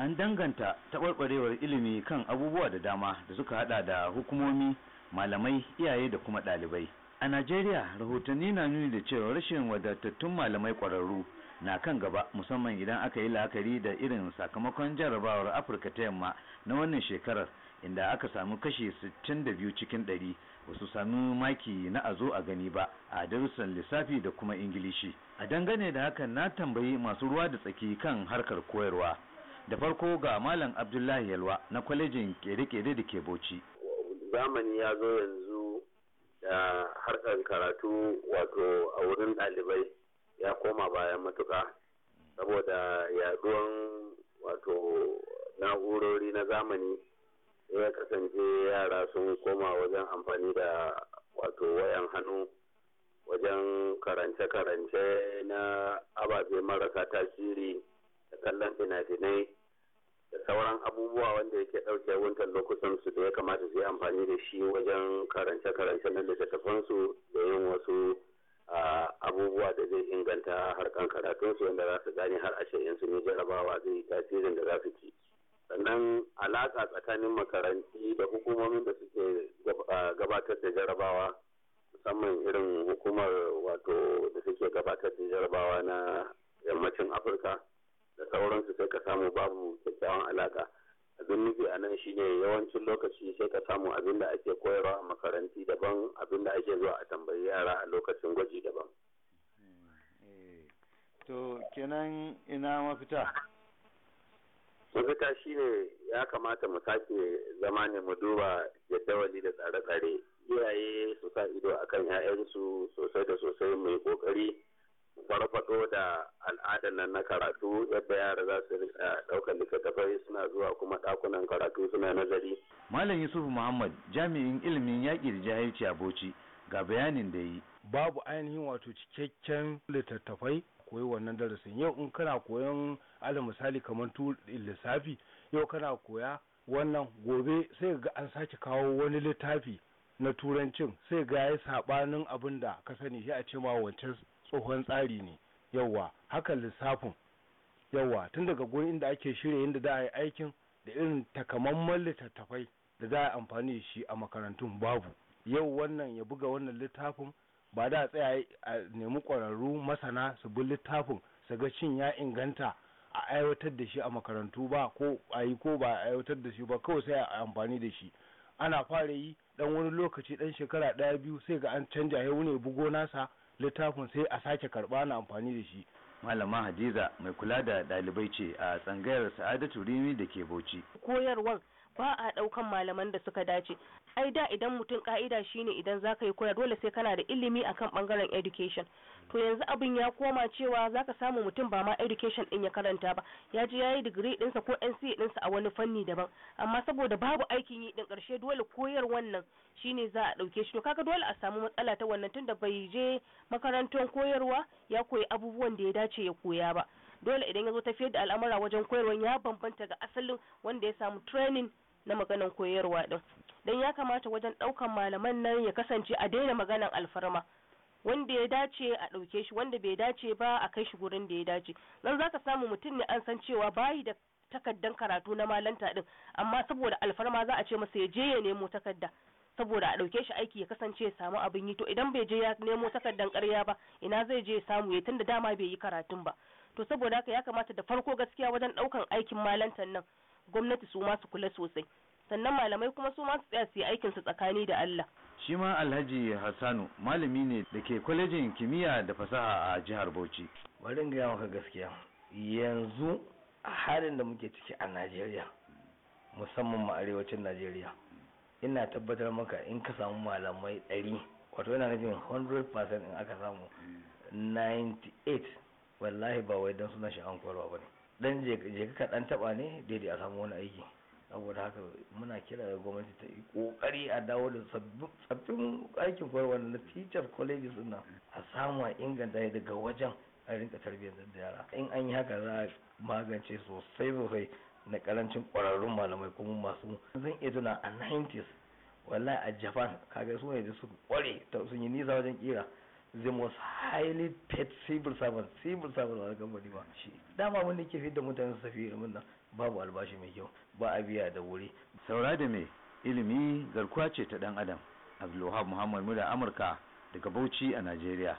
an danganta taɓarɓarewar ilimi kan abubuwa da dama da suka haɗa da hukumomi malamai iyaye da kuma ɗalibai a najeriya rahotanni na nuni da cewa rashin wadatattun malamai ƙwararru na kan gaba musamman idan aka yi la'akari da irin sakamakon jarabawar afirka ta yamma na wannan shekarar inda aka samu kashi da biyu cikin 100 wasu sami maki na a zo a gani ba a darussan lissafi da kuma ingilishi a dangane da hakan na tambayi masu ruwa da tsaki kan harkar koyarwa da farko ga malam abdullahi yalwa na kwalejin kere-kere da ke boci. zamani ya zo yanzu da harkar karatu wato a wurin ɗalibai ya koma bayan matuka saboda yaduwan wato na'urori na zamani ya kasance yara sun koma wajen amfani da wato wayan hannu wajen karance-karance na ababe marasa tasiri da kallon fina-finai da sauran abubuwa wanda yake ɗauke wuntan lokutan su da ya kamata su yi amfani da shi wajen karance-karance na littattafan su da yin wasu abubuwa da zai inganta harkan karatun su wanda za su gane har a in su yi jarabawa zai yi tasirin da za su ci sannan alaƙa tsakanin makaranti da hukumomin da suke gabatar da jarabawa musamman irin hukumar wato da suke gabatar da jarabawa na sauransu sai ka samu babu kyakkyawan alaka abin nufi a nan shine yawancin lokaci sai ka samu abin da ake koyarwa a makaranti daban abin da ake zuwa a tambayi yara a lokacin gwaji daban eh, to kenan ina mafita mafita shine ya kamata mu sake zama ne mu duba jadawali da tsare-tsare iyaye su sa ido akan 'ya'yansu sosai da sosai mai kokari farfado da al'adar nan na karatu yadda yara za su ɗaukar littattafai suna zuwa kuma ɗakunan karatu suna nazari. Malam Yusuf Muhammad jami'in ilimin yaƙi da jahilci a Bauchi ga bayanin da yi. Babu ainihin wato cikakken littattafai koyi wannan darasin yau in kana koyon ala misali kamar tu lissafi yau kana koya wannan gobe sai ga an sake kawo wani littafi na turancin sai ga ya saɓanin abin da ka sani shi a cewa wancan tsohon tsari ne yauwa haka lissafin yauwa tun daga gurin inda ake shirya yadda za a yi aikin da irin takamaiman littattafai da za a amfani da shi a makarantun babu yau wannan ya buga wannan littafin ba da tsaya a nemi ƙwararru masana su bi littafin su ga cin ya inganta a aiwatar da shi a makarantu ba ko a yi ko ba a aiwatar da shi ba kawai sai a amfani da shi ana fara yi dan wani lokaci dan shekara ɗaya biyu sai ga an canja ya wuni bugo nasa littafin sai a sake karɓa na amfani da shi malama hadiza mai kula da ɗalibai ce a tsangayar sa'adatu rimi da ke bauchi koyarwar ba a ɗaukan malaman da suka dace ai da idan mutum ka'ida shine idan zaka yi koya dole sai kana da ilimi akan ɓangaren education to yanzu abin ya koma cewa zaka samu mutum ba ma education din ya karanta ba ya ji ya yi digiri ɗinsa ko nc dinsa a wani fanni daban amma saboda babu aikin yi ɗin karshe dole koyar wannan shine za a ɗauke shi to kaga dole a samu matsala ta wannan tunda bai je makarantar koyarwa ya koyi abubuwan da ya dace ya koya ba dole idan ya zo tafiyar da al'amura wajen koyarwa ya bambanta ga asalin wanda ya samu training na maganan koyarwa din dan ya kamata wajen ɗaukan malaman nan ya kasance a daina maganan alfarma wanda ya dace a ɗauke shi wanda bai dace ba a kai shi gurin da ya dace nan ka samu mutum ne an san cewa bayi da takaddan karatu na malanta ɗin amma saboda alfarma za a ce masa ya je ya nemo takadda saboda a ɗauke shi aiki ya kasance ya samu abin yi to idan bai je ya nemo takardan ƙarya ba ina zai je ya samu ya tunda dama bai yi karatun ba to saboda haka ya kamata da farko gaskiya wajen ɗaukan aikin malantan nan gwamnati su ma su kula sosai sannan malamai kuma su ma su tsaya su yi aikin su tsakani da Allah shi ma Alhaji Hassanu malami ne da ke kwalejin kimiyya da fasaha a jihar Bauchi bari gaya maka gaskiya yanzu a halin da muke ciki a Najeriya musamman ma arewacin Najeriya ina tabbatar maka in ka samu malamai ɗari wato yana nufin 100% in aka samu 98 wallahi ba wai don suna sha'an koyarwa ba ne dan je ka dan taba ne daidai a samu wani aiki saboda haka muna kira da gwamnati ta yi kokari a dawo da sabbin aikin koyarwa na teacher colleges din nan a samu a inganta daga wajen a rinka tarbiyyar da yara in an yi haka za a magance sosai sosai na karancin ƙwararrun malamai kuma masu zan iya tuna a 90s wallahi a japan kaga su ne da su kware sun yi nisa wajen kira the most highly paid civil servant civil servant a ba shi dama wanda ke fi da mutane su tafi irin nan babu albashi mai kyau ba a biya da wuri saura da mai ilimi garkuwa ce ta dan adam abdulwahab muhammad muda amurka daga bauchi a najeriya